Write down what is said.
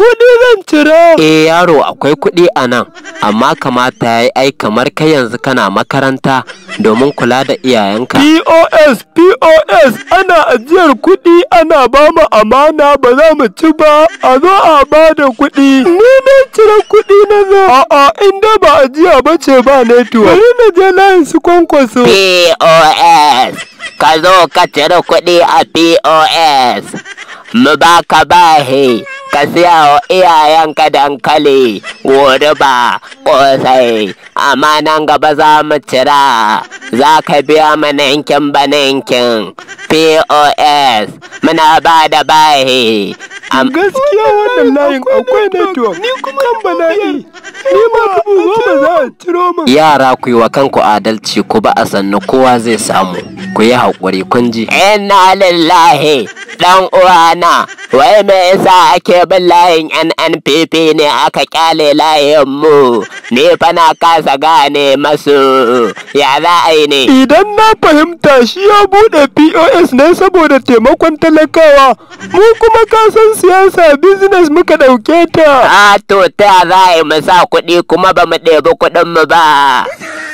kuɗi zan cira. Eh yaro akwai kuɗi a nan, amma kamata ya yi ai kamar kai yanzu kana makaranta domin kula da iyayenka. POS POS ana ajiyar kuɗi ana ba mu amana ba za mu ci ba a zo a ba da kuɗi. Ni na cire kuɗi na zo. A'a inda ba ajiya ba ce ba network. Bari na je layin su kwankwaso. POS ka zo ka cire kuɗi a POS. Mu ba ka bahe. ka siya wa iyayenka dankali ba kosai, amma nan gaba za mu cira za ka biya ba ninkin pos muna ba da bahi gaskiya wannan layin akwai network kan yi ni ma kubu goma za a ciro min yara ku yi wa kanku adalci ku ba a sannu kowa zai samu ku yi haƙuri kun ji inna lillahi dan na wai me yasa ake bin layin NNPP ne aka kyale layin mu ni fa na kasa gane masu ya za a yi ne idan na fahimta shi ya bude POS ne saboda taimakon talakawa mu kuma kasan siyasa business muka dauke ta a to ta za a yi mu sa kuɗi kuma ba mu ɗebi kuɗin mu ba